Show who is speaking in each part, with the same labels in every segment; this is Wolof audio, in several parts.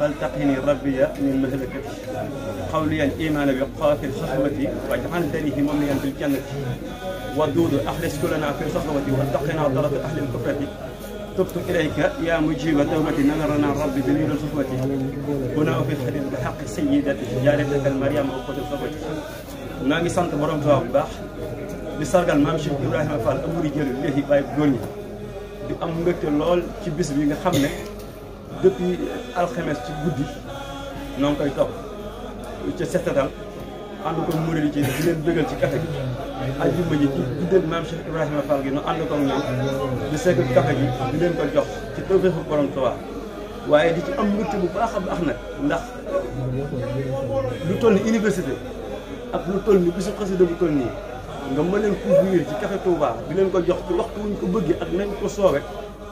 Speaker 1: قال تقيني ربي من مهلكة قوليا إيمانا بقاتل صحبتي واجعل ثانيه في الجنه ودود أحرس كلنا في صحبتي واتقنا طرف أهل الكفرة تبت إليك يا مجيب توبتي نذرنا ربي دليل
Speaker 2: صحبتي هنا في
Speaker 1: الحديث بحق سيدتي جارتك المريم أخت صحبتي نامي سانت بروم فاو باخ di sargal maam Cheikh Ibrahima Fall amuri jël léegi bàyyi góor ñi di am mbégte lool ci bis bi nga depuis alxames ci guddi noo ngi koy topp ca settatal ànd ko murid yi ci di leen bëggal ci café gi ajjuma ji ci guddal maam Cheikh Ibrahima Fall gi nu ànd ko ñoom di sekk café gi di leen ko jox ci tawfeexu borom Tuubaa waaye di ci am mbégte bu baax a baax nag ndax lu toll ni université ak lu toll ni bisu xasida bu toll nii nga mën leen couvrir ci café Touba di leen ko jox ci waxtu wuñ ko bëggee ak nañ ko soobee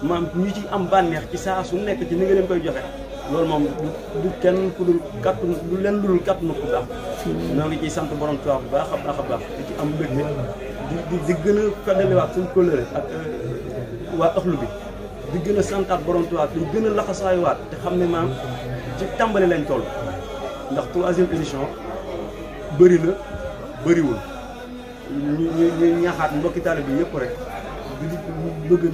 Speaker 1: maam ñu ci am bànneex ci saa su nekk ci ni nga koy joxe loolu moom du kenn ku dul kàttu du leen lu dul kàttu na ku baax noo ngi ciy sant borom Tuubaa bu baax a baax a baax di ci am mbégte di di gën a feddaliwaat suñu kóllëre ak euh, waa ëxlu bi di gën a santaat borom Tuubaa di gën a laxasaayuwaat te xam ne maam ci tàmbali leen toll ndax troisième édition bëri na bëriwul ñu ñu ñaaxaat mbokki taalibe bi yëpp rek bi di bëgg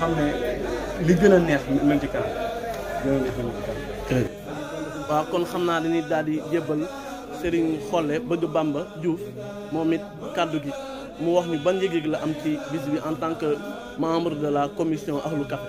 Speaker 1: xam
Speaker 3: li gën a neex mën kon xam naa dañuy daal di jébbal Serigne Xolle bëgg Bamba Diouf moom it kàddu gi mu wax ni ban yëg-yëg la am ci bis bi en tant que membre de la commission Ahlu Café.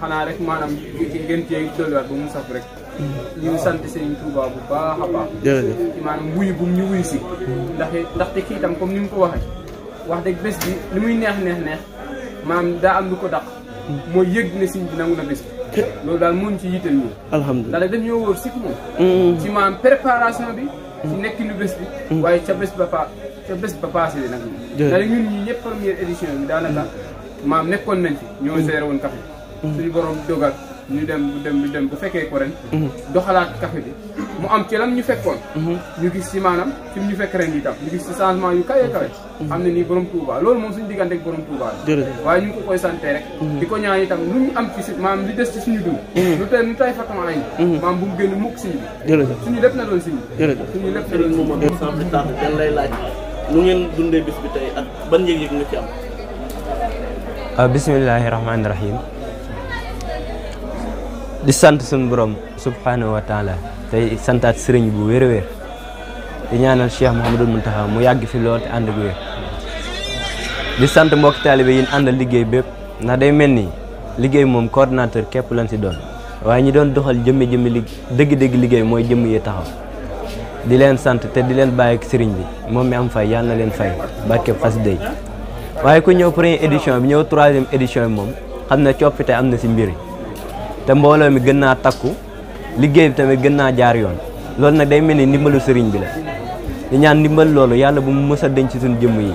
Speaker 4: xanaa rek maanaam ngeen cee dolliwaat ba mu saf rek. ñu sant Serigne Touba bu baax a baax. jërëjëf ci bu ñu wuyu si. ndax ndaxte kii itam comme ni mu ko waxee. wax dëgg bés bi li muy neex neex neex maanaam daa am lu ko daq mooy yëg ne Serigne bi nangu na bés loolu daal moo ñu ci yitteel ñu. alhamdulilah ndax dañoo wóor si moom. Mm-hmm. ci maanaam préparation bi. ci mm-hmm. nekk lu bés bi. Mm-hmm. waaye ca bés ba bés ba paase nag. jërëjëf ndax ñun ñii ñëpp première édition bi daanaka maam nekkoon nañ fi. ñoo seere woon café. Mm. suñu borom dogal ñu dem dem dem bu fekkee ko ren mm-hmm. doxalaat café bi mu am ci lam ñu fekkoon mm-hmm. ñu gis ci maanaam fi ñu fekk ren itam ñu gis ci changement yu kawe kawe mm-hmm. xam ne nii borom Touba loolu moom suñu diggante ak borom Touba la waaye ñu ko koy santé rek di ñaan itam lu ñu am ci maanaam li des ci suñu dund lu tey lu tey fatama lañ maanaam bu mu génn mukk si ñu suñu lépp na doon si ñu suñu lépp na
Speaker 3: doon si ñu sans plus tard lay laaj lu ngeen dundee bis bi tey ak ban yëg-yëg nga ci am
Speaker 5: ah, bismillahirrahmanirrahim di sant suñu borom subhanahu wa taala tey santaat sëriñ bu wér wér di ñaanal Cheikh Mouhamadul Mountakha mu yàgg fi lool te ànd ak wér di sant mbokki taalibe yi ñu àndal liggéey bépp ndax day mel ni liggéey moom coordinateur képp lañ si doon waaye ñi doon doxal jëmmi jëmmi li dëgg-dëgg liggéey mooy jëmm yee taxaw di leen sant te di leen bàyyi ak sëriñ bi moom mi am fay yàlla na leen fay barke fas day waaye ku ñëw première édition bi ñëw troisième édition bi moom xam ne coppite am na si mbir yi te mbooloo mi gën naa takku liggéey bi tamit gën naa jaar yoon loolu nag day mel ni ndimbalu sëriñ bi la di ñaan ndimbal loolu yàlla bu mu mës a denc ci suñu jëmm yi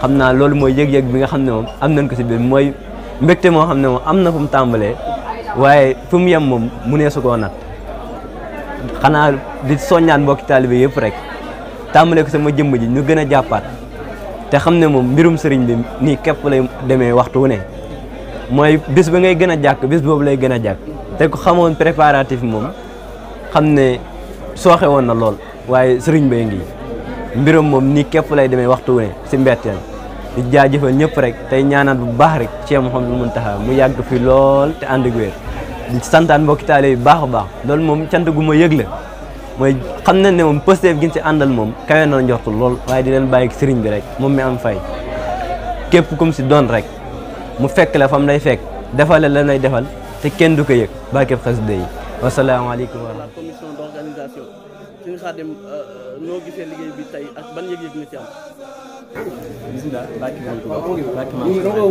Speaker 5: xam naa loolu mooy yëg-yëg bi nga xam ne moom am nañ ko si biir mooy mbégte moo xam ne moom am na fu mu tàmbalee waaye fu mu yem moom mu nee su koo nat xanaa di soññaan mbokki taalibe yëpp rek tàmbale ko sama jëmm ji ñu gën a jàppaat te xam ne moom mbirum sëriñ bi nii képp lay demee waxtu wu ne mooy bis ba ngay gën a jàkk bis boobu lay gën a jàkk te ku xamoon préparatif moom xam ne sooxe woon na lool waaye sëriñ bay ngi mbiram moom nii képp lay demee waxtu wu ne si mbetteel di jaajëfal ñëpp rek tey ñaanaat bu baax rek Cheikh mun Mountakha mu yàgg fi lool te ànd ak di santaan mbokki taale yu baax a baax loolu moom cant gu ma yëg la mooy xam na ne moom pësteef gi ci àndal moom kawe na njortu lool waaye di leen bàyyi sëriñ bi rek moom mi fay képp kum si doon rek mu fekk la fam lay fekk defal la lay defal te kenn du ko yëg barkeb xasida yi alaykum wa rahmatulah
Speaker 3: commission d'organisation suñu xaadim no gisse liggéey bi tay ak ban yëg-yëg ni ci am bismillah barki man ko barki man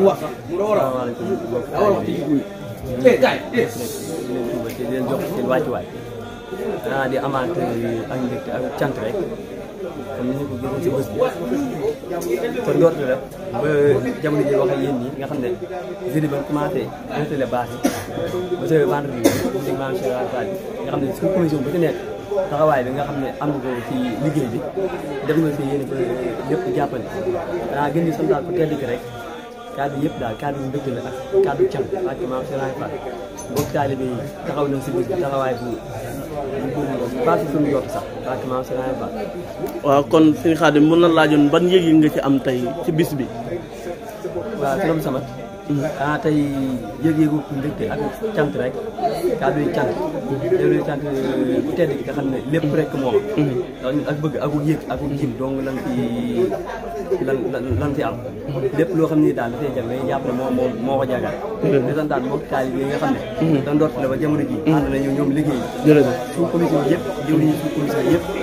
Speaker 3: wax mu do wala awal
Speaker 6: wax ci guuy eh gaay eh leen jox seen wàccuwaay ah di amaat ak mbégte ak cant rek comme ni ñu ko gisoon ci bi te ndoorte la ba jamono ji wax ak yéen ñi nga xam ne jeudi ba commencé installé bâche yi ba tey vendredi bi ñu maam Cheikh nga xam ne suñu commission bu ci nekk taxawaay bi nga xam ne am na ko ci liggéey bi def na si ba lépp jàppale xanaa gën ñu santaat ko tedd ki rek kaddu yëpp daal kaddu yu dëgg la ak kaddu cant ak maam na si biir taxawaay bu baax si suñu yott
Speaker 3: kon sëñ Xaadim mën na laajoon ban yëg yi nga ci am tey ci bis bi. waaw
Speaker 6: a ah, tey yëg-yëgu mbégte ak cant rek kàddu yi cant yëg-yëgu cant bu tedd ki nga xam ne lépp rek moom mhm. ak bëgg ak yëg ak jim donc lan ci lan lan ci am
Speaker 5: mhm. lépp
Speaker 6: loo xam ni daal dafay jam dañuy jàpp ne moom moom moo ko jagal di mhm. sant daal mbokk taali ne dan doot la ba jamono ji ànd nañu ñoom liggéey sous commission yëpp jëwriñu sous commission yëpp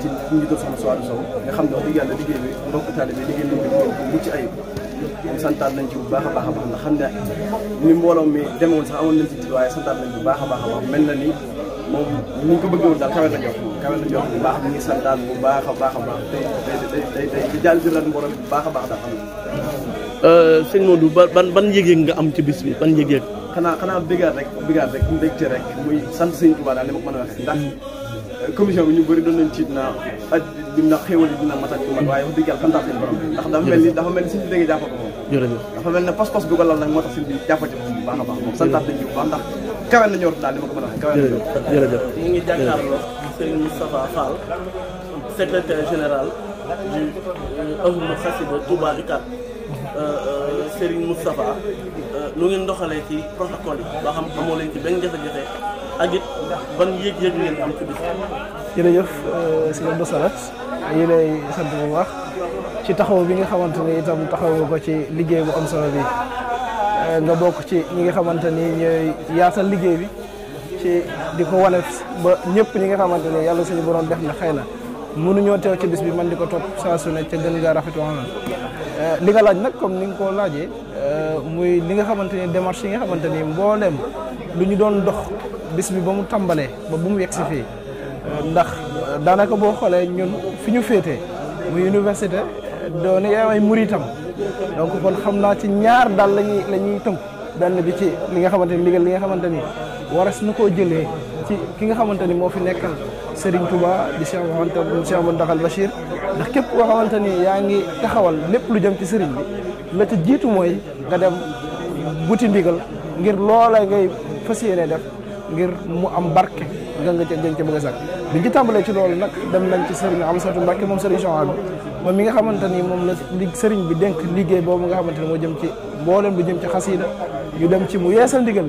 Speaker 3: ci ñu ngi doon soxna Souare Sow nga xam ne wax dëgg yàlla liggéey bi mbokk taalibe liggéey bi bu mucc ayib santaat nañ ci bu baax a baax a baax ndax xam ne ni mbooloo mi demewoon sax amoon nañ ci tiit waaye santaat nañ bu baax a baax a baax mel na ni moom ni ñu ko bëggee woon daal kawe na jox kawe na jox bu baax ñu ngi santaat bu baax a baax a baax tey tey tey tey di jàll jëlaat mbooloo bu baax a baax daal xam euh, nga. sëñ Modou ba ban ban yëg-yëg nga am ci bis bi ban yëg-yëg. xanaa xanaa bëggaat rek bëggaat rek mbégte rek muy sant sëñ Tuubaa daal ni ma ko mën a waxee ndax commission bi ñu bëri doon nañ tiit na at dina xéwal dina mat ak mat waaye wax dëgg yàlla kontaan seen borom ndax dafa mel ni dafa mel ni suñu dégg jàpp ko baax a baax moom santaat nañ ci a ngi jàkkaarloo Serigne Moustapha Fall secrétaire général du ahlu euh, xasida Touba Ricard euh, euh, Serigne Moustapha lu ngeen doxalee ci protocole yi ba xam amoo leen ci benn jafe-jafe ban yéeg-yéeg ngeen am ci bis
Speaker 7: jërëjëf euh, si Abdou Salat yi lay sant bu wax ci taxaw bi nga xamante ni itam taxaw nga ko ci liggéey bu am solo bi euh, nga bokk ci ñi nga xamante ni ñooy yaatal liggéey bi ci di ko wane ba ñëpp ñi nga xamante ni yàlla suñu borom def na xëy na mënuñoo teew ci bis bi man di ko topp saa su ne ca gën ngaa rafet waxam euh, li nga laaj nag comme ni nga ko laajee muy ni nga xamante ni démarche yi nga xamante ni mbooleem lu ñu doon dox bis bi ba mu tambalé ba bu mu yexi fi ndax danaka bo xolé ñun fiñu fété mu université doon yaay ay muritam donc kon xamna ci ñaar dal lañuy la ñuy tënk bi ci li nga xamanteni ni li nga xamanteni waras nuko jëlé ci ki nga xamanteni ni fi nekkal Serigne Touba di Cheikh Mouhamed Cheikh Mouhamed al bashir ndax kep ko xamanteni ni taxawal lepp lu jëm ci Serigne bi la ci jitu moy nga dem buti ndigal ngir loola ngay fas def ngir mu am barke gën nga ca gën ca bëgg a sàkk biñ ci tàmbalee ci loolu nag dem nañ ci sëriñ Amsatou Mbacke moom sëriñ Chouan bi moom mi nga xamante ni moom la li sëriñ bi dénk liggéey boobu nga xamante ni moo jëm ci mboolem lu jëm ci xasiida ñu dem ci mu yeesal ndigal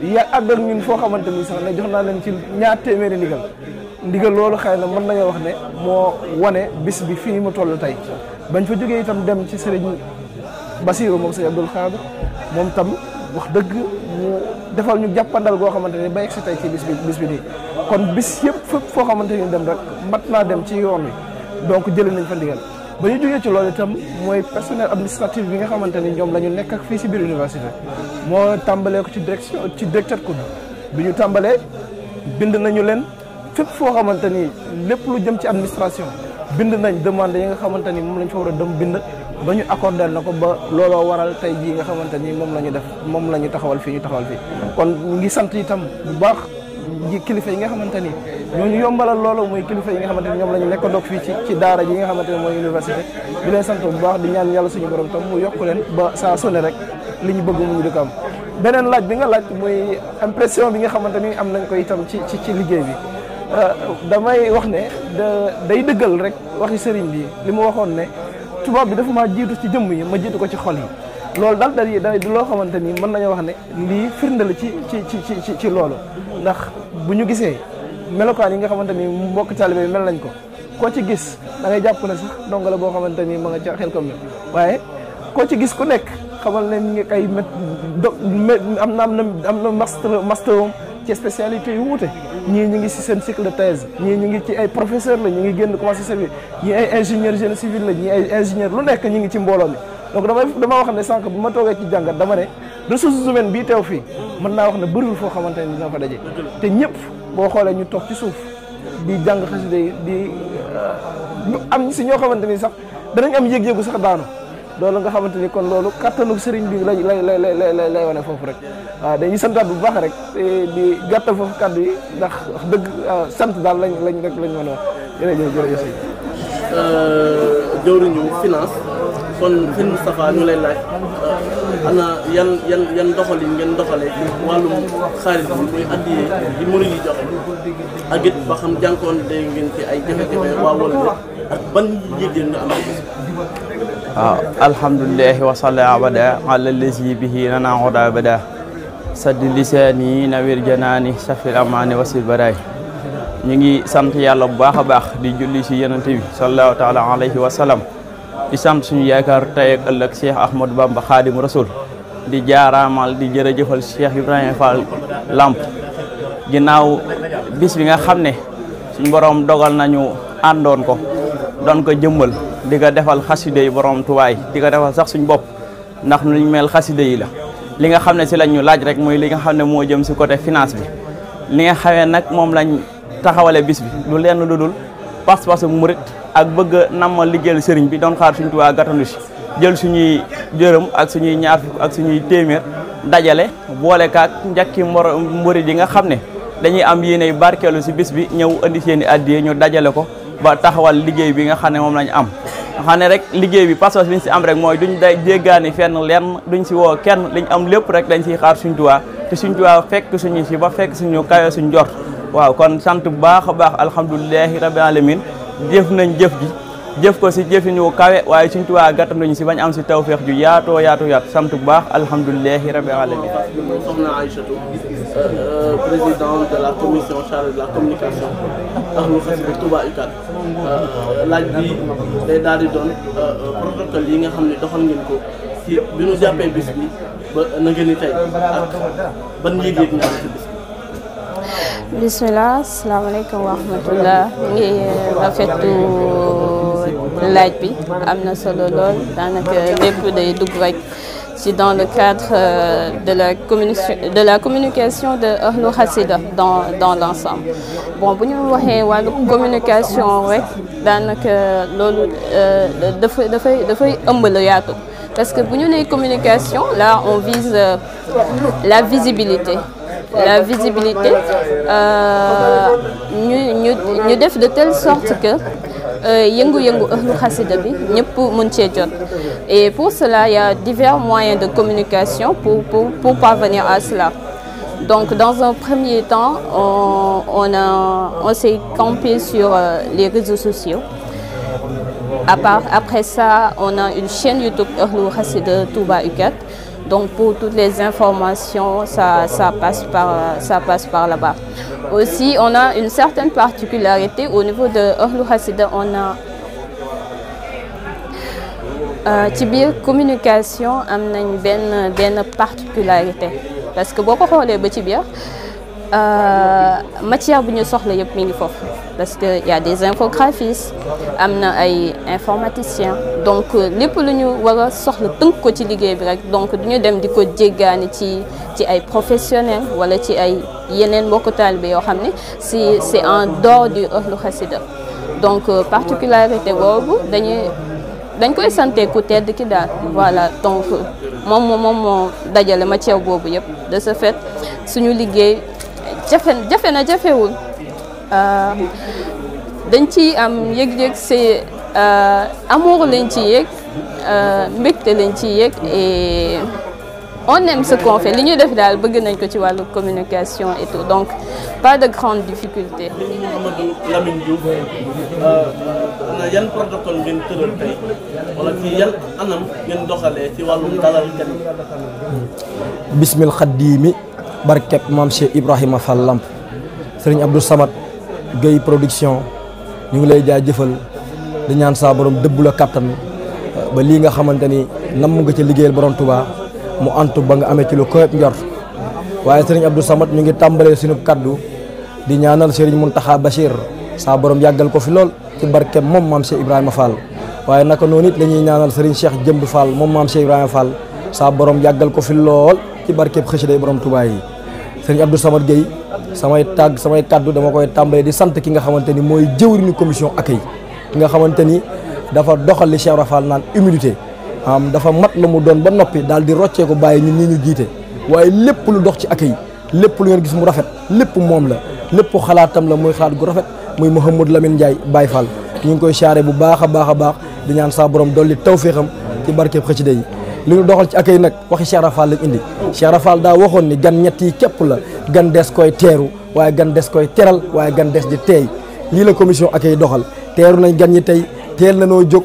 Speaker 7: li ya àgg ak foo xamante ni sax ne jox naa leen ci ñaar téeméeri ndigal ndigal loolu xëy na mën nañoo wax ne moo wane bis bi fii mu toll tey bañ fa jógee itam dem ci sëriñ Basiirou moom sëriñ Abdoul Khadr moom tam wax dëgg mu defal ñu jàppandal goo xamante ni ba egsi tey ci bis bi bis bi nii kon bis yëpp fépp foo xamante ni dem rek mat naa dem ci yoon wi donc jëlee nañ fa ndigal ba ñu jógee ci loolu itam mooy personnel administratif bi nga xamante ni ñoom la ñu nekk ak fii si biir université moo tàmbalee ko ci direction ci directeur ko bi ñu tàmbalee bind nañu leen fépp foo xamante ni lépp lu jëm ci administration bind nañ demande yi nga xamante ni moom la ñu fa war a dem bind bañu accorder nako ba lolo waral tay ji nga xamanteni mom lañu def mom lañu taxawal fii ñu taxawal lolo kon ngi sant itam bu baax ji kilifa yi nga xamanteni ni yombalal lolo muy kilifa yi nga xamanteni ñom lañu nekkandok fi ci ci daara ji nga xamanteni moy université di lay sant bu baax di ñaan yalla suñu borom tam mu yokku len ba sa sonné rek liñu bëgg mu ñu di am laaj bi nga laaj muy impression bi nga xamanteni am nañ ko itam ci ci ci liggéey bi euh, damay wax ne da day deugal rek waxi serigne bi limu waxone ne tubaab bi dafa maa jiitu ci jëmm yi ma jiitu ko ci xol yi loolu daal daal day di loo xamante ni mën nañoo wax ne lii firnde la ci ci ci ci ci loolu ndax bu ñu gisee melokaan yi nga xamante ni mbokk taalibe yi mel nañ ko koo ci gis da ngay jàpp ne sax donga la boo xamante ni ma nga ca xel comme waaye koo ci gis ku nekk xamal ne ñu ngi ay mét do am na am na am na master master ci spécialité yu wuute ñii ñu ngi si seen cycle de thèse ñii ñu ngi ci ay professeur la ñu ngi génn commencé servir ñii ay ingénieur génie civil la ñii ay ingénieur lu nekk ñu ngi ci mbooloo mi donc damay dama wax ne sànq bu ma toogee ci jàngat dama ne ressources humaines bii teew fii mën naa wax ne bëriwul foo xamante ne dina fa daje te ñëpp boo xoolee ñu toog ci suuf di jàng xasida yi di euh, am si ñoo xamante ni sax danañ am yëg-yëgu sax daanu loolu nga xamanteni kon loolu kattanu serigne bi lay lay lay lay lay lay wane fofu rek wa dañuy santaat bu baax rek di gàttal fofu kaddu yi ndax wax deug sante dal lañ lañ rek lañ mën a jëf jërëjëf jërëjëf si jëwriñu finance
Speaker 3: kon fin Mustafa ñu lay laaj ana yan yan yan doxalin ngeen doxale ci wàllum xaalis bi muy andi di mënu yi joxe ak it ba xam jànkoon de ngeen ci ay jafe-jafe wa wala ak ban yëg nga am
Speaker 8: waaw ah, alhamdulilahi wasalla abada ala lazi bihi lana oda abada saddi lisaani nawir janaani safil amaani wasil baraay ñu ngi sant yàlla bu baax a baax di julli si yonent bi sallallahu taala alayhi wa sallam di sant suñu yaakaar tey ak ëllëg Cheikh Ahmadou Bamba Xaadim Rasul di jaaraamal di jërëjëfal Cheikh Ibrahima Fall Lamp ginnaaw bis bi nga xam ne suñ borom dogal nañu àndoon ko doon ko jëmmal diga defal khasside yi borom tuway diga defal sax suñ bop ndax nu mel khasside yi la li nga xamne ci lañu laaj rek moy li nga xamne mo jëm ci côté finance bi li nga xawé nak mom lañ taxawalé bis bi lu lenn lu dul pas-pasu murit ak bëgg nama liggéel sëriñ bi doon xaar suñ tuwa gatanu ci jël suñuy jërëm ak suñuy ñaar ak suñuy témèr dajale bolé kaak ñakki mourid yi nga xamne dañuy am yéene barkeelu ci bis bi ñew andi seeni addiye ñu dajale ko ba taxawal liggéey bi nga xamne mom lañ am xam rek liggéey bi pas-pas bi si am rek mooy duñ day jéggaani fenn lenn duñ si woo kenn liñ am lépp rek dañ siy xaar suñ Tuubaa te suñ Tuubaa fekk suñu si ba fekk suñu kayo suñ jor waaw kon sant bu baax a baax alhamdulilahi rabbil alamin jëf nañ jëf ji jëf ko si jëfinu kawe waaye suñ Tuubaa gàttanduñu si bañ am si tawféex ju yaatoo yaato yaatu sant bu baax alhamdulilahi rabbil alamin
Speaker 3: soxna Aïchatou euh, président de ahlul xayri ak Touba UCAD euh, laaj bi day daal di doon euh, euh, protocole yi nga xam ne doxal ngeen ko bi ñu jàppee
Speaker 9: bismillah asalaamaaleykum wa rahmatullah ngi rafetlu laaj bi am na solo lool daanaka lépp day dugg rek C'est dans le cadre euh, de la, de la communication de Ahlu Hasida dans, dans l'ensemble. Bon, Pour nous, voir la communication nous devons loolu euh, dafay parce que pour nous, une communication là on vise euh, la visibilité. la visibilité nous ñu ñu de telle sorte que. Euh, et pour cela il y a divers moyens de communication pour pour parvenir à cela donc dans un premier temps on on s'est campé sur euh, les réseaux sociaux après ça on a une chaîne YouTube ëhlu xasida Touba UKAT. Donc pour toutes les informations, ça, passe par, là-bas. Aussi, on a une certaine particularité au niveau de Orlu Hassida, on a une euh, communication am une particularité parce que beaucoup de les euh, matière bu ñu soxla yëpp mi ngi foofu parce que y a des infographistes am na ay informaticiens donc euh, lépp lu ñu war a soxla tënk ko ci liggéey bi rek donc du ñu dem di ko jéggaani ci ci ay professionnels wala ci ay yeneen mbokku taalibe yoo xam ne si c'est en dehors du ëhlu xasida donc euh, particularité boobu dañuy dañ koy santé ku tedd ki daal voilà donc moom moom moo dajale matière boobu yëpp de ce fait suñu liggéey jafé na jafé wul euh dañ ci am yeg yëg c'est euh, amour lañ ci yeg euh mbégte lañ ci yeg et on aime ce qu'on fait li ñuy def dal bëgg nañ ko ci walu communication et tout donc pas de grande difficulté. Amadou
Speaker 3: Lamine Diouf euh, euh, yan protocole ngeen tëral tay wala ci yan anam ngeen doxalee ci walu dalal kenn.
Speaker 2: bismil xaddiimi. barkep mam Cheikh ibrahim Fall Lamp Abdou Samad Gay production ñu ngi lay jëfël di ñaan sa borom debbu la kattan euh, ba li nga xamanteni nam nga ci liggéeyal borom Touba mu antu ba nga amé ci lu koyeb ndior waye serigne Abdou Samad ñu ngi tambalé suñu kaddu di ñaanal serigne Sabrom bashir sa borom yagal ko fi lol ci barkeb mom mam Cheikh ibrahim Fall waye naka noonu it la ñaanal serigne Cheikh Jëmb Fall mom mam Cheikh ibrahim Fall sa borom yagal ko fi lol ci borom Touba yi sëñ Abdou Samad Gueye samay tàgg samay kaddu dama koy tàmbalee di sant ki nga xamante ni mooy jëwriñu commission accueil ki nga xamante ni dafa doxali li Cheikh Rafal naan humilité am dafa mat la mu doon ba noppi daal di roccee ko bàyyi ñun ñi ñu jiite waaye lépp lu dox ci yi lépp lu ngeen gis mu rafet lépp moom la lépp xalaatam la muy xalaat gu rafet muy Mouhamadou Lamine Ndiaye Baye Fall ñu ngi koy charré bu baax a baax a baax di ñaan saa borom dolli tawféexam ci barkeb xëcc yi li ñu doxal ci accueil nag waxi Cheikh Rafal lañ indi Cheikh Rafal daa waxoon ni gan ñetti yi képp la gan des koy teeru waaye gan des koy teral waaye gan des di teey lii la commission accueil doxal teeru nañ gan ñi tey teel na noo jóg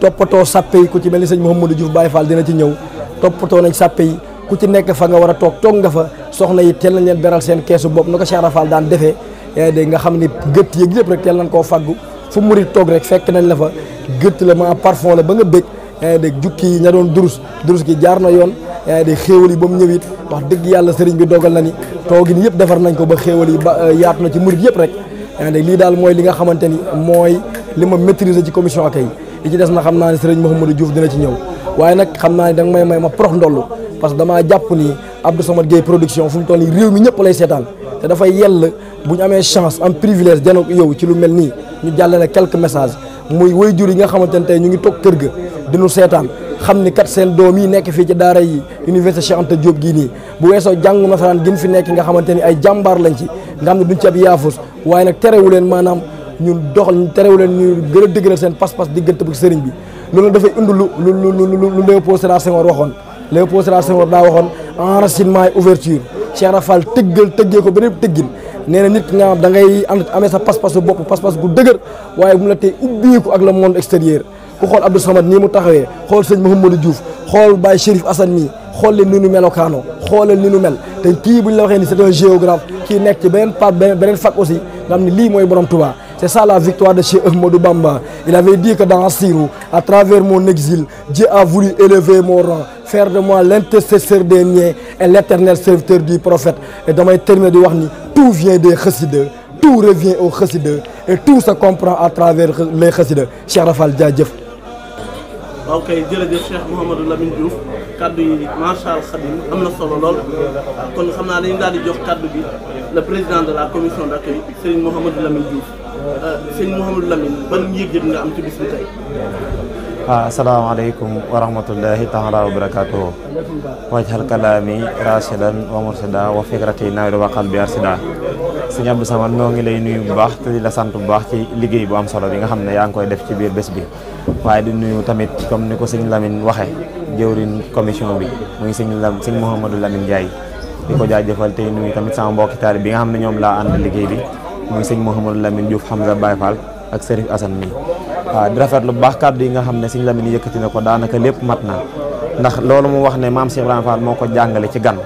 Speaker 2: toppatoo sàppe ku ci mel ni sëñ Mouhamadou Diouf Baye Fall dina ci ñëw toppatoo nañ sàppe ku ci nekk fa nga war a toog toog nga fa soxna yi teel nañ leen beral seen keesu bopp na ko Cheikh Rafal daan defee yaa dégg nga xam ni gëtt yëg yëpp rek teel nañ koo faggu fu murit toog rek fekk nañ la fa gëtt la ma ba nga bëgg yaa ngi dégg jukki yi ña doon durus durus gi jaar na yoon yaa ngi dégg xéewal yi ba mu ñëw it wax dëgg yàlla sëriñ bi dogal na ni toogin yëpp defar nañ ko ba xéewal yi ba euh, yaatu na ci murit yëpp rek lii daal mooy li nga xamante ni mooy li ma maîtriser ci commission accueil li ci des na xam naa ne sëriñ Mouhamadou Diouf dina ci ñëw waaye nag xam naa ne danga may may ma prox ndollu parce que damaa jàpp ni Abdou Samad Gueye production fu mu toll nii réew mi ñëpp lay seetaan te dafay yell bu ñu amee chance am privilège janook yow ci lu mel nii ñu jàllale quelques messages muy jur yi nga xamante ne tey ñu ngi toog kër ga dinu seetaan xam ni kat seen doom yi nekk fii ci daara yi université Cheikh Anta Diop gii nii bu weesoo jàngu nasaraan gën fi nekk nga xamante ni ay jàmbaar lañ ci nga xam ne duñ ci ab yaafus waaye nag terewu leen maanaam ñu doxal terewu leen ñu gën a dëgëral seen pas-pas diggante bu sëriñ bi loolu dafay indi lu lu lu lu Léopold Sédar Senghor waxoon Léopold Sédar Senghor daa waxoon enracinement ouverture Cheikh Rafal tëggal tëggee ko beneen tëggin nee na nit nga da ngay ànd amee sa pas-pasu bopp pas-pas dëgër waaye bu la tey ubbeeku ak le monde extérieur ku xool Abdou Samad nii mu taxawee xool sëñ Mouhamadou Diouf xool Baye Chérif Assane nii xool leen ni nu melokaanoo xoolal ni nu mel te kii bu la waxee ni c'est un géographe kii nekk ci beneen part beneen fac aussi nga xam lii mooy borom tubaa C'est ça la victoire de chez Ahmadou Bamba. Il avait dit que dans Assirou, à travers mon exil, Dieu a voulu élever mon rang, faire de moi l'intercesseur des miens et l'éternel serviteur du prophète. Et dans mes termes de Warni, tout vient des chassideux, tout revient aux chassideux et tout se comprend à travers les chassideux. Cheikh Rafal Djadjef.
Speaker 3: ok jërëjëf Cheikh Mohamed Lamine Diouf kaddu yi macha allah Khadim am solo lool kon xam dañu jox kaddu le président de la commission d'accueil Serigne Mohamed Lamine Diouf. sëñ Mouhamadou Lamine ban yëg-yëg nga am ci bis bi tey.
Speaker 10: waaw ah, asalaamaaleykum wa rahmatullahi taala wa barakaatuhu wajhal kalaami rashidan wa mursida wa fikrati nawir wa qalbi arsida sëñ Abdou Samad noo ngi lay nuyu bu baax te la sant bu baax ci liggéey bu am solo bi nga xam ne yaa ngi koy def ci biir bés bi waaye di nuyu tamit comme ni ko sëñ Lamine waxe jëwriñ commission bi muy sëñ Lam sëñ Mouhamadou Lamine Ndiaye di ko jaajëfal tey nuyu tamit sama mbokki bi nga xam ne ñoom laa ànd liggéey bi muy sëñ Mouhamadou Lamine Diouf Hamza Baye Fall ak Serif Assane mi waaw di rafet lu baax kàddu yi nga xam ne sëñ Lamine yëkkati na ko daanaka lépp mat na ndax loolu mu wax ne maam Cheikh Ibrahima Fall moo ko jàngale ci gan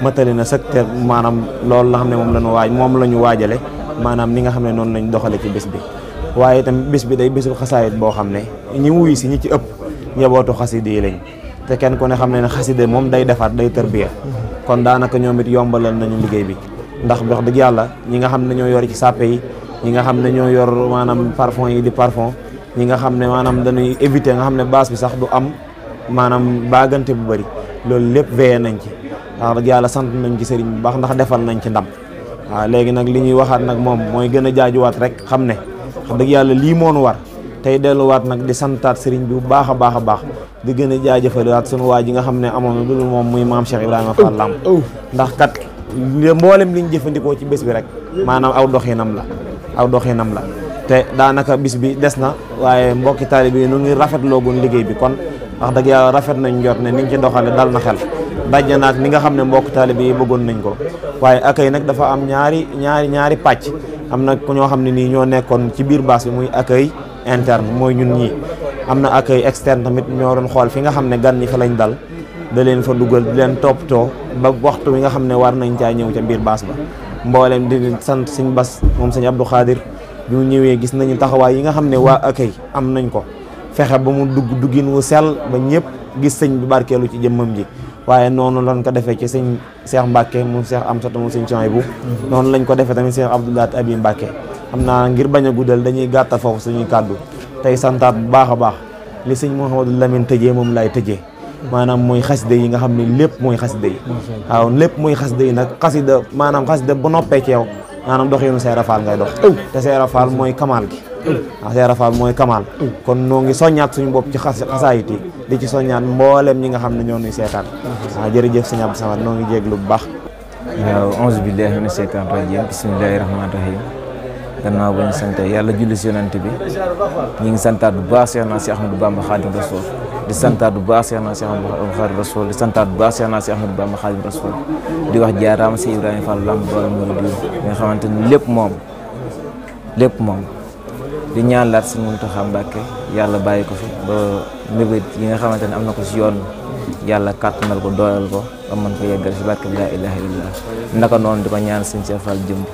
Speaker 10: matali na secteur maanaam loolu la xam ne moom la ñu waaj moom la ñu waajale maanaam ni nga xam ne noonu lañ doxale ci bés bi waaye itam bés bi day bésu xasaayit boo xam ne ñi wuyu si ñi ci ëpp njabootu xaside yi lañ te kenn ku ne xam ne ne xaside moom day defar day tërbiya kon daanaka ñoom it yombalal nañu liggéey bi ndax wax deug yalla ñi nga xamne ñoo yor ci sapé yi ñi nga xamne ñoo yor manam parfum yi di parfum ñi nga xamne manam dañuy éviter nga xamne ne bi sax du am manam baganté bu bari lool lepp veillé nañ ci wax deug yalla sant nañ ci sëriñ bu baax ndax défal nañ ci ndam wa légui nak li ñuy waxat nak mom moy gëna jaaju jaajuwaat rek xamne ne wax deug yalla li moonu war delu delluwaat nak di santat sëriñ bi bu baaxa baaxa baax di gëna jaajeufal jaajëfaliwaat sunu waaji nga xamne amono amoon na dul moom muy maam Cheikh Ibrahima fallam ndax kat mboolem li ñu jëfandikoo ci bés bi rek maanaam aw doxinam la aw doxinam la te daanaka bis bi des na waaye mbokki taalibe yi nu ngi rafetloogun liggéey bi kon wax dëgg yàlla rafet nañ njot ne ni ñu ci doxale dal na xel dajja naak ni nga xam ne mbokki taalibe yi bëggoon nañ ko waaye akay nag dafa am ñaari ñaari ñaari pàcc am na ku ñoo xam ne nii ñoo nekkoon ci biir baas bi muy accueil interne mooy ñun ñii am na accueil externe tamit ñoo doon xool fi nga xam ne gan ñi fa lañ dal da leen fa dugal di leen toppatoo ba waxtu wi nga xam ne war nañ caa ñëw ca biir baas ba mboolem di sant sëñ Bas moom sëñ Abdou Khadir bi mu ñëwee gis nañu taxawaay yi nga xam ne waa akay am nañ ko fexe ba mu dugg duggin wu sel ba ñëpp gis sëñ bi barkeelu ci jëmmam ji waaye noonu lañ ko defee ci sëñ Cheikh Mbacke moom Cheikh Amsata moom sëñ Chouaïbou bu mhm. noonu lañ ko defee tamit Cheikh Abdou Lahat Abi Mbacke xam naa ngir bañ a guddal dañuy gàttal foofu suñuy kàddu tey santaat bu baax a baax li sëñ Mouhamadou Lamine tëjee moom laay tëjee maanaam mooy xasida yi nga xam ne lépp mooy xasida yi waaw lépp mooy xasida yi nag xasida maanaam xasida ba noppee ci yow maanaam dox yoonu Seera Faal ngay dox te Seera Faal mooy kamaal gi waaw Seera mooy kamaal kon noo ngi soññaat suñu bopp ci xasaayit yi di ci soññaat mboolem ñi nga xam ne ñoo nuy seetaan waaw jërëjëf sëñ Abdou Samad noo ngi lu bu baax waaw
Speaker 11: onze billahi mina seytaan rajim bismillahi rahmani rahim gannaaw bañ sante yàlla ya, julli si yonent bi ñi ngi sante bu baax cheikh na cheikh ahmed bamba khadim rasoul di sante bu baax cheikh na cheikh ahmed bamba xaadim di sante bu baax cheikh na cheikh ahmed bamba khadim rasoul di wax jaaram si ibrahim fall lamb bool mo di nga xamanteni ni mom lepp mom di ñaan laat si mun taxa mbàkke yàlla ya bàyyi fi ba mbébét yi nga xamanteni amna na ko ci yoon yalla katnal ko doyal ko ya ba mën ko yeggal ci barke la ilaha illallah naka non di ko ñaan sëñ Cheikh Fall jëmb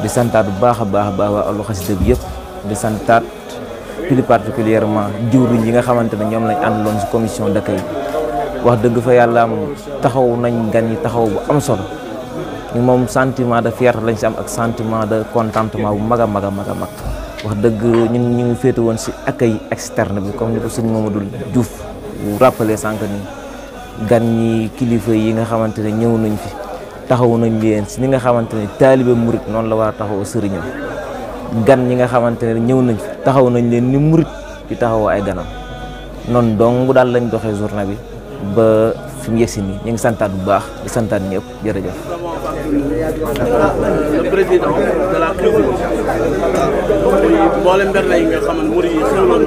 Speaker 11: di santaat bu baax a baax baax waa ahlu xasida bi yëpp di santaat plus particulièrement jawriñ yi nga xamantene ñom ñoom lañ àndaloon ci commission d'accueil wax deug fa yalla moom taxaw nañ gan yi taxaw bu am solo ñu mom sentiment de fierté lañ ci am ak sentiment de contentement bu maga maga maga mak wax deug ñun ñu ngi féete woon si accueil externe bi comme ni ko sëñ Mamadou Diouf rappelé sànq ni gan yi kilifa yi nga xamantene ñew nañ fi taxaw nañ leen si ni nga xamanteni talibé taalibe non la wara taxaw serigne gan ñi nga xamanteni ñew nañ fi taxaw nañ leen ni murit ci taxaw ay ganam non dong dal lañ doxé journée bi ba fi mu yegsi nii ñu ngi santaat bu baax di santat ñëpp jërëjëf
Speaker 3: le président de la xewal mooy mboolem berne nga xamal murit yi xewaloon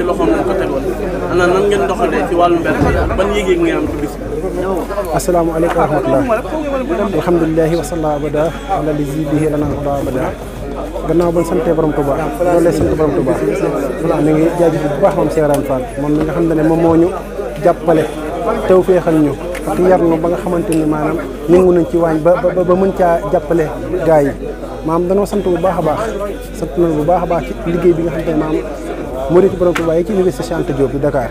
Speaker 3: ci loxoom lañ ko tegoon ana nan ngeen doxalee ci wàllu mbedd ban yëgeeg ngeen am ci bis
Speaker 12: asalaamaaleykum wa rahmatulah alhamdulilahi wa salla abada ala lizi bihi lana wala abada gannaaw bañ santee borom tuba loolu lay sant borom tuba voilà ngi jaajëf bu baax moom seeraan faal moom mi nga xam ñu ak yar ñu ba nga nañ ci ba ba ba mën maam bu baax baax bu baax baax ci bi nga maam Mouride borom Touba yi ci université Cheikh Anta Diop bi Dakar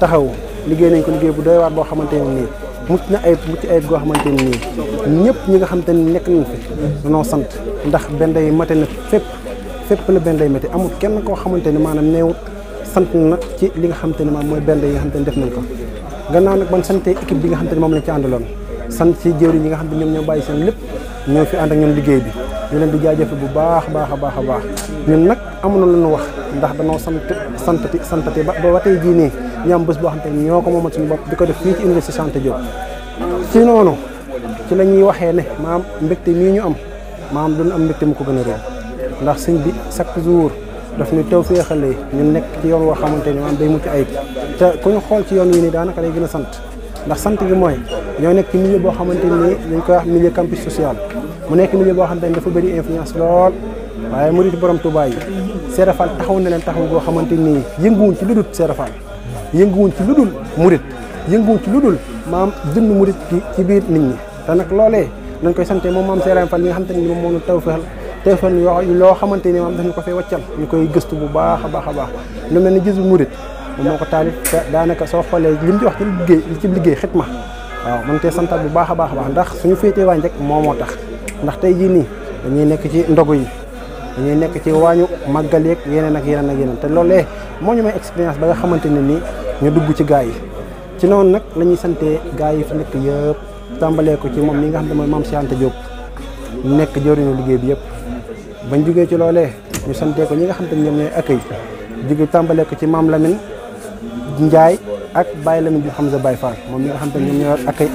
Speaker 12: taxaw liggéey nañ ko liggéey bu doy waar boo xamante ne nii mucc na ayib mucc ayib goo xamante ne nii ñëpp ñi nga xamante ne nekk nañ fi danoo sant ndax benn day mate na fépp fépp la benn day mate amul kenn koo xamante ne maanaam neewut sant na ci li nga xamante ne maam mooy benn yi nga xamante ne def ko gannaaw nag man sante équipe bi nga xamante ne moom lañ ci àndaloon sant ci jëwriñ yi nga xam ne ñoom ñoo bàyyi seen lépp ñoo fi ànd ak ñun liggéey bi ñu leen di jaajëfe bu baax baax a baax a baax nag amoon na lu ñu wax ndax danoo sant santati santati ba ba tey jii nii ñu am bés boo xam te ñoo ko moomal suñu bopp di ko def fii ci université Cheikh Diop ci noonu ci la ñuy waxee ne maam mbégte mii ñu am maam duñ am mbégte mu ko gën a réew ndax sëñ bi chaque jour daf ñu tew féexalee ñu nekk ci yoon woo xamante ni maam day mucc ayib te ku ñu xool ci yoon yi nii daanaka day gën a sant ndax sant gi mooy ñoo nekk ci milieu boo xamante ni dañ koy wax milieu campus social mu nekk milieu boo xamante ni dafa bëri influence lool waaye murit borom Touba yi Serafal taxaw na leen taxaw boo xamante ni yënguwuñ ci ludul Serafal yënguwuñ ci ludul murit yënguwuñ ci maam jënd murit ki ci biir nit ñi te nag loolee dañ koy sante moom maam Serafal yi nga xamante ni moom moo ñu taw fexal tey fan yoo loo xamante ni maam daf ñu ko fay wàccal ñu koy gëstu bu baax a baax a baax lu mel ni gis bu murit moo ko taalif daanaka soo xoolee li mu wax ci liggéey li ci liggéey xit ma waaw man cee santal bu baax a baax a baax ndax suñu féetewaay rek moo moo tax ndax tey jii nii dañuy nekk ci ndogu yi dañuy nekk ci waañu màggal yeeg yeneen ak yeneen ak yeneen te loolee moo ñu may expérience ba nga xamante ne nii ñu dugg ci gaa yi ci noonu nag la ñuy santee gaa yi fi nekk yëpp tàmbalee ko ci moom mi nga xam ne mooy maam Cheikh Anta nekk jëriñu liggéey bi yëpp bañ jugee ci loolee ñu santee ko ñi nga xam ne ñoom ñooy accueil jugee tàmbalee ko ci maam Lamine Ndiaye ak la Baye Lamine bi Hamza Baye Fall moom mi nga xam te ñoom ñoo ak ay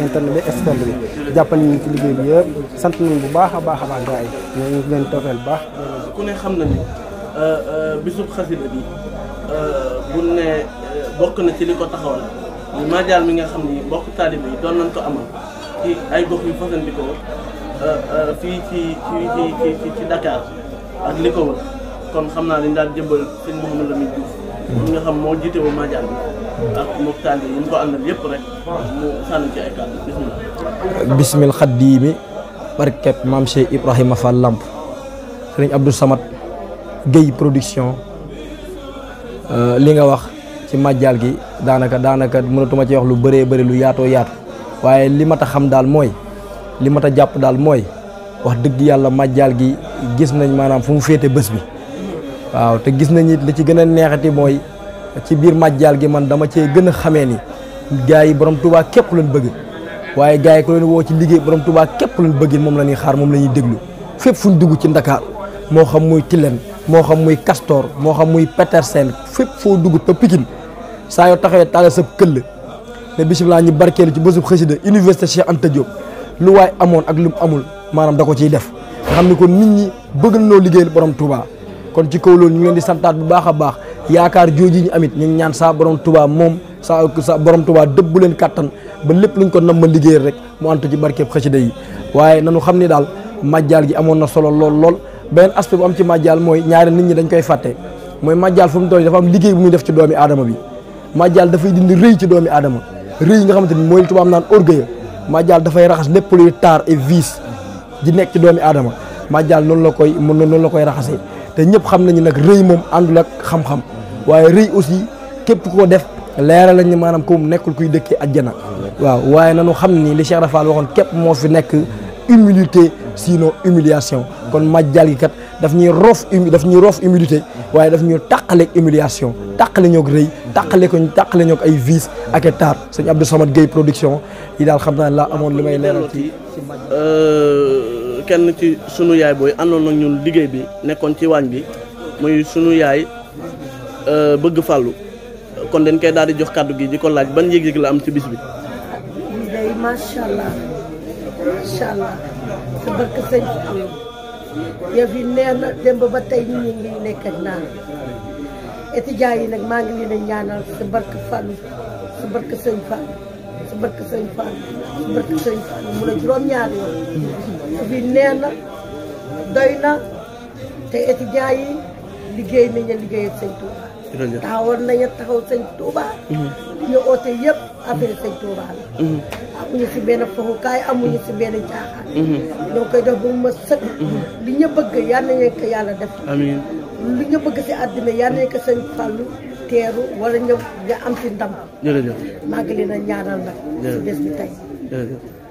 Speaker 12: jàppal ñu ci liggéey sant nañu bu baax a baax a baax gars yi ñoo ñu leen toofeel baax ku ne
Speaker 3: xam na ni euh, euh, bisub xasida bi euh, bu ne bokk na ci li ko taxawal ñu majaal mi nga xam ni bokk taalibe yi doon nañ ko amal ci ay gox yu fasandikoo fii ci fii ci ci Dakar ak li ko wër kon xam naa dañ daal jëmbal sëñ Mouhamadou Lamine Diouf ñi nga xam moo jiite wu majaal bi bismillah
Speaker 2: bismil khadimi barkeb mam Cheikh ibrahim fallamp serigne Abdou Samad Gay production eh, li nga wax ci madjal gi danaka daanaka mënatuma ci wax lu beure beure lu yato yaatu waye li mat xam dal moy li mat japp dal moy wax deug yalla madjal gi gis nañ manam fu mu fété bëss bi waaw te gis nañ li ci gëna neexati moy ci biir màjjaal gi man dama cee gën a xamee ni gars yi borom Touba képp lañ bëgg waaye gars yi ko leen woo ci liggéey borom Touba képp lañ bëgg moom la ñuy xaar moom la ñuy déglu fépp fu ñu dugg ci Ndakaar moo xam muy Tilène moo xam muy Castor moo xam muy Petersen fépp foo dugg ba Pikine saa yoo taxawee taala sab këll ne bisimilah ñu barkeelu ci bésub xasida université Cheikh Anta Diop lu waay amoon ak lu mu amul maanaam da ko ciy def nga xam ni kon nit ñi bëgg noo liggéeyal borom Touba kon ci kaw loolu ñu di santaat bu baax a baax yaakaar jooju ñu amit ñu ñaan saa borom tubaa moom saa sa borom tubaa dëbbu leen kàttan ba lépp luñ ko nam ma liggéey rek mu antu ci barkeeb xasida yi waaye nanu xam ni daal màjjaal ji amoon na solo lool lool beneen aspect bu am ci màjjaal mooy ñaare nit ñi dañ koy fàtte mooy màjjaal fu mu toll dafa am liggéey bu muy def ci doomi aadama bi màjjaal dafay dindi rëy ci doomi aadama rëy nga xamante ni mooy tubaab naan orgueil màjjaal dafay raxas lépp luy taar et vice di nekk ci doomi aadama màjjaal noonu la koy noonu la koy raxasee te ñëpp xam nañu nag rëy moom àndul ak xam-xam waaye rëy aussi képp ko def leeral lañ ne maanaam comme nekkul kuy dëkkee àjjana waaw waaye nanu xam ni li Cheikh Rafal waxoon képp moo fi nekk humilité sinon humiliation kon majjal gi kat daf ñuy roof daf ñuy roof humilité waaye daf ñuy tàqaleeg humiliation tàqale ñoog rëy tàqale ko tàqale ñoog ay vice ak état sëñ Abdou Samad Gueye production yi daal xam naa la amoon li may leeral ci
Speaker 3: kenn ci sunu yaay booy àndoon na ñu liggéey bi nekkoon ci waañ bi muy sunu yaay euh, bëgg fàllu kon dañ koy daal di jox kàddu gi di ko laaj ban yëg-yëg la am ci bis bi.
Speaker 11: macha allah
Speaker 3: macha allah sa yëf yi neex na démb ba tey ñu ngi nekk naan étudiants yi nag maa ngi leen a ñaanal sa barke Fallou sa barke sëñ Fallou sa barke sëñ Fallou sa barke sëñ Fallou
Speaker 2: mu la
Speaker 7: juróom-ñaari bi nee
Speaker 3: na doy na te étudiants yi liggéey nañu liggéey ak sëñ Touba. na taxawoon nañu taxaw sëñ Touba. Mhm. ñu oote yëpp affaire sëñ Touba la. Mhm. amuñu si benn foxukaay amuñu si benn caaxaan. Mhm. ñoo koy def ba mu ma sëkk. li ñu bëgg yal nañu ko yàlla def. amiin li bëgg si àddina yal nañu ko sëñ Fallou teeru wala ñëw nga am si ndam. jërëjëf
Speaker 11: maa ngi leen a ñaanal nag.
Speaker 3: si